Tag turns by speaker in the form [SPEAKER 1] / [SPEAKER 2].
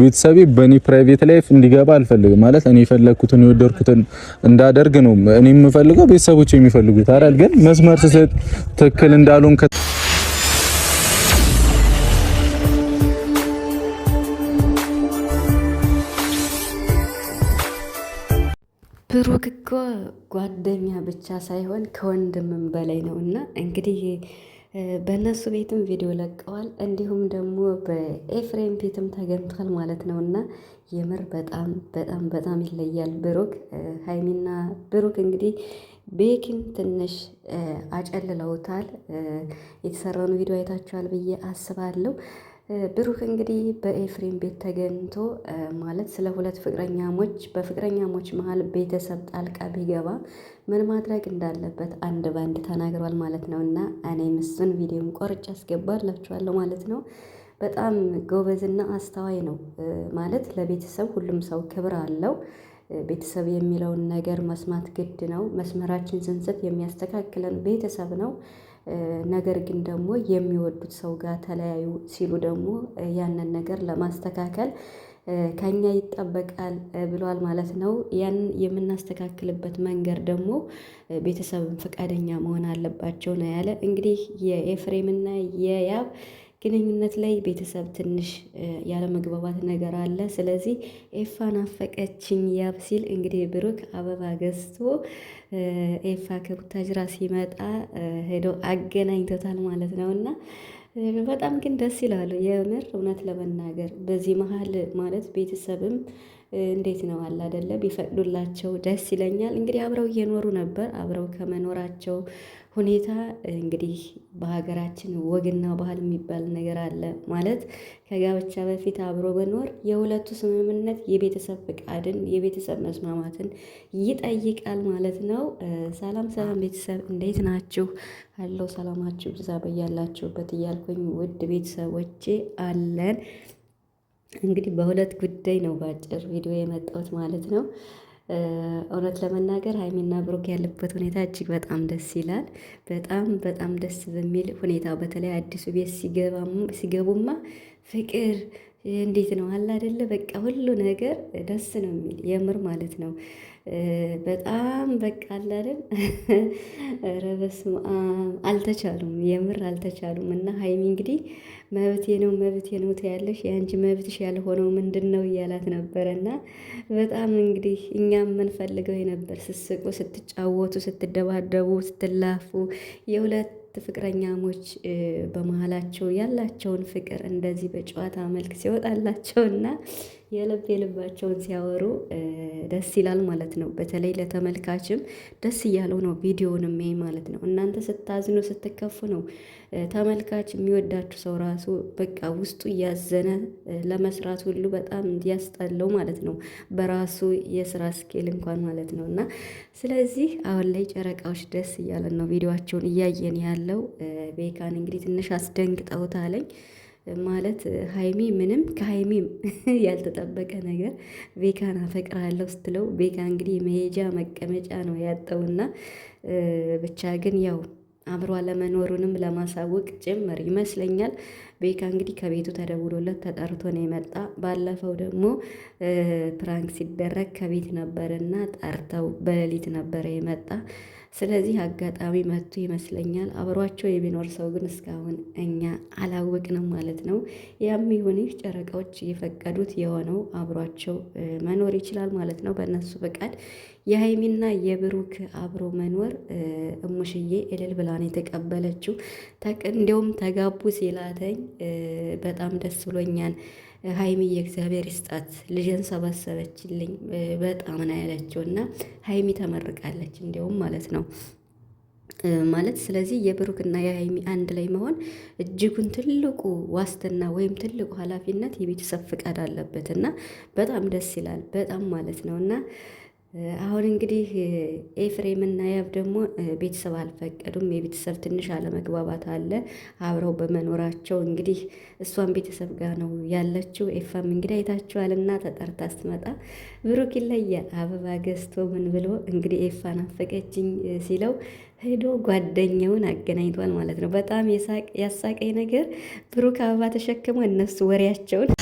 [SPEAKER 1] ቤተሰቤ በእኔ ፕራይቬት ላይፍ እንዲገባ አልፈልግም። ማለት እኔ የፈለግኩትን የወደድኩትን እንዳደርግ ነው እኔ የምፈልገው፣ ቤተሰቦች የሚፈልጉት አይደል። ግን መስመር ስሰጥ ትክክል እንዳልሆን
[SPEAKER 2] ብሩክ እኮ ጓደኛ ብቻ ሳይሆን ከወንድምም በላይ ነው እና እንግዲህ በእነሱ ቤትም ቪዲዮ ለቀዋል እንዲሁም ደግሞ በኤፍሬም ቤትም ተገኝቷል ማለት ነው። እና የምር በጣም በጣም በጣም ይለያል። ብሩክ ሀይሚና ብሩክ እንግዲህ ቤኪን ትንሽ አጨልለውታል። የተሰራውን ቪዲዮ አይታችኋል ብዬ አስባለሁ። ብሩክ እንግዲህ በኤፍሬም ቤት ተገኝቶ ማለት ስለ ሁለት ፍቅረኛሞች በፍቅረኛሞች መሀል ቤተሰብ ጣልቃ ቢገባ ምን ማድረግ እንዳለበት አንድ ባንድ ተናግሯል ማለት ነው። እና እኔ ምስን ቪዲዮን ቆርጬ አስገባላችኋለሁ ማለት ነው። በጣም ጎበዝና አስተዋይ ነው ማለት ለቤተሰብ ሁሉም ሰው ክብር አለው። ቤተሰብ የሚለውን ነገር መስማት ግድ ነው። መስመራችን ስንስት የሚያስተካክለን ቤተሰብ ነው። ነገር ግን ደግሞ የሚወዱት ሰው ጋር ተለያዩ ሲሉ ደግሞ ያንን ነገር ለማስተካከል ከኛ ይጠበቃል ብሏል ማለት ነው። ያንን የምናስተካክልበት መንገድ ደግሞ ቤተሰብን ፈቃደኛ መሆን አለባቸው ነው ያለ። እንግዲህ የኤፍሬምና የያብ ግንኙነት ላይ ቤተሰብ ትንሽ ያለመግባባት ነገር አለ። ስለዚህ ኤፋ ናፈቀችኝ ያብ ሲል እንግዲህ ብሩክ አበባ ገዝቶ ኤፋ ከቡታጅራ ሲመጣ ሄዶ አገናኝቶታል ማለት ነው እና በጣም ግን ደስ ይላሉ የምር እውነት ለመናገር በዚህ መሀል ማለት ቤተሰብም እንዴት ነው አለ አይደለ ቢፈቅዱላቸው ደስ ይለኛል። እንግዲህ አብረው እየኖሩ ነበር። አብረው ከመኖራቸው ሁኔታ እንግዲህ በሀገራችን ወግና ባህል የሚባል ነገር አለ ማለት ከጋብቻ በፊት አብሮ መኖር የሁለቱ ስምምነት የቤተሰብ ፍቃድን የቤተሰብ መስማማትን ይጠይቃል ማለት ነው። ሰላም ሰላም ቤተሰብ እንዴት ናችሁ? አለው ሰላማችሁ ብዛ በያላችሁበት እያልኩኝ ውድ ቤተሰቦቼ አለን እንግዲህ በሁለት ጉዳይ ነው በአጭር ቪዲዮ የመጣሁት ማለት ነው። እውነት ለመናገር ሀይሚና ብሩክ ያለበት ሁኔታ እጅግ በጣም ደስ ይላል። በጣም በጣም ደስ በሚል ሁኔታ በተለይ አዲሱ ቤት ሲገቡማ ፍቅር እንዴት ነው አለ አይደለ? በቃ ሁሉ ነገር ደስ ነው የሚል የምር ማለት ነው። በጣም በቃ አለ አይደል? ኧረ በስመ አብ አልተቻሉም፣ የምር አልተቻሉም። እና ሀይሚ እንግዲህ መብቴ ነው መብቴ ነው ትያለሽ፣ የአንቺ መብትሽ ያልሆነው ምንድን ነው እያላት ነበረ። እና በጣም እንግዲህ እኛም የምንፈልገው የነበር ስስቁ፣ ስትጫወቱ፣ ስትደባደቡ፣ ስትላፉ የሁለት ፍቅረኛሞች በመሀላቸው ያላቸውን ፍቅር እንደዚህ በጨዋታ መልክ ሲወጣላቸውና የልብ የልባቸውን ሲያወሩ ደስ ይላል ማለት ነው። በተለይ ለተመልካችም ደስ እያለው ነው ቪዲዮውን ይሄ ማለት ነው። እናንተ ስታዝኑ ስትከፉ ነው ተመልካች የሚወዳችሁ ሰው ራሱ ራሱ በቃ ውስጡ እያዘነ ለመስራት ሁሉ በጣም እንዲያስጠላው ማለት ነው። በራሱ የስራ ስኬል እንኳን ማለት ነው። እና ስለዚህ አሁን ላይ ጨረቃዎች ደስ እያለን ነው ቪዲዮቸውን እያየን ያለው። ቤካን እንግዲህ ትንሽ አስደንግጠውታለኝ። ማለት ሀይሚ ምንም ከሀይሚም ያልተጠበቀ ነገር ቤካን አፈቅራለሁ ስትለው ቤካ እንግዲህ መሄጃ መቀመጫ ነው ያጠውና ብቻ ግን ያው አብሯ ለመኖሩንም ለማሳወቅ ጭምር ይመስለኛል። ቤካ እንግዲህ ከቤቱ ተደውሎለት ተጠርቶ ነው የመጣ። ባለፈው ደግሞ ፕራንክ ሲደረግ ከቤት ነበረና ጠርተው በሌሊት ነበረ የመጣ። ስለዚህ አጋጣሚ መጥቶ ይመስለኛል። አብሯቸው የሚኖር ሰው ግን እስካሁን እኛ አላወቅንም ማለት ነው። ያም ይሁን ይህ ጨረቃዎች የፈቀዱት የሆነው አብሯቸው መኖር ይችላል ማለት ነው በእነሱ ፈቃድ። የሀይሚና የብሩክ አብሮ መኖር እሙሽዬ እልል ብላ የተቀበለችው። እንዲያውም ተጋቡ ሲላተኝ በጣም ደስ ብሎኛል። ሀይሚ የእግዚአብሔር ይስጣት ልጅን ሰበሰበችልኝ በጣም ና ያለችው እና ሀይሚ ተመርቃለች እንዲሁም ማለት ነው ማለት ስለዚህ የብሩክና የሀይሚ አንድ ላይ መሆን እጅጉን ትልቁ ዋስትና ወይም ትልቁ ኃላፊነት የቤተሰብ ፍቃድ አለበት እና በጣም ደስ ይላል በጣም ማለት ነው እና አሁን እንግዲህ ኤፍሬም እና ያብ ደግሞ ቤተሰብ አልፈቀዱም። የቤተሰብ ትንሽ አለመግባባት አለ አብረው በመኖራቸው እንግዲህ እሷን ቤተሰብ ጋር ነው ያለችው። ኤፋም እንግዲህ አይታችኋልና ተጠርታ ስትመጣ ብሩክ ይለያል። አበባ ገዝቶ ምን ብሎ እንግዲህ ኤፋን አፈቀችኝ ሲለው ሄዶ ጓደኛውን አገናኝቷል ማለት ነው። በጣም ያሳቀኝ ነገር ብሩክ አበባ ተሸክሞ እነሱ ወሬያቸውን